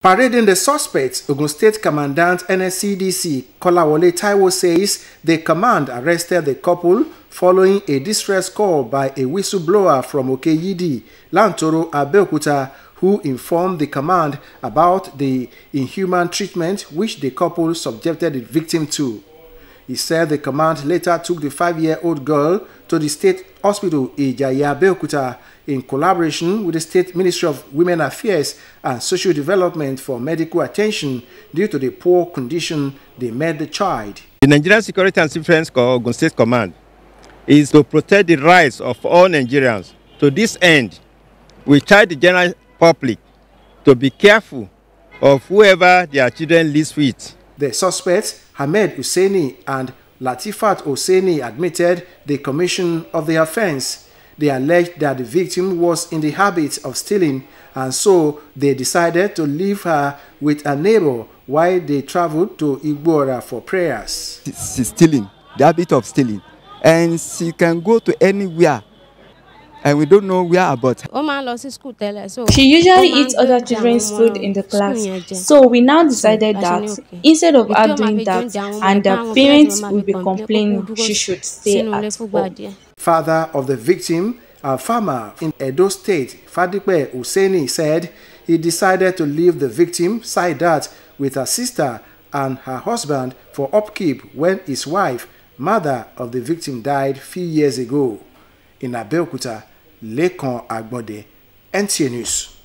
Parading the suspects, Ogun State Commandant NSCDC Kolawole Taiwo says the command arrested the couple following a distress call by a whistleblower from Okeyidi, Lantoro Abeokuta, who informed the command about the inhuman treatment which the couple subjected the victim to. He said the command later took the five-year-old girl to the state hospital Ijayabeokuta in collaboration with the State Ministry of Women Affairs and Social Development for medical attention due to the poor condition they met the child. The Nigerian Security and Defense Corps Ogun State Command is to protect the rights of all Nigerians. To this end, we charge the general public to be careful of whoever their children leave with. The suspects, Ahmed Husseini and Latifat Hosseini, admitted the commission of the offense. They alleged that the victim was in the habit of stealing, and so they decided to leave her with a neighbor while they traveled to Igbora for prayers. She's stealing, the habit of stealing, and she can go to anywhere and we don't know where about She usually eats other children's food in the class, so we now decided that instead of her doing that and the parents will be complaining, she should stay at home. Father of the victim, a farmer in Edo State, Fadipe Useni, said he decided to leave the victim, Saidat, with her sister and her husband for upkeep when his wife, mother of the victim, died few years ago in Abeokuta, Lekan Agbonde, NTA News.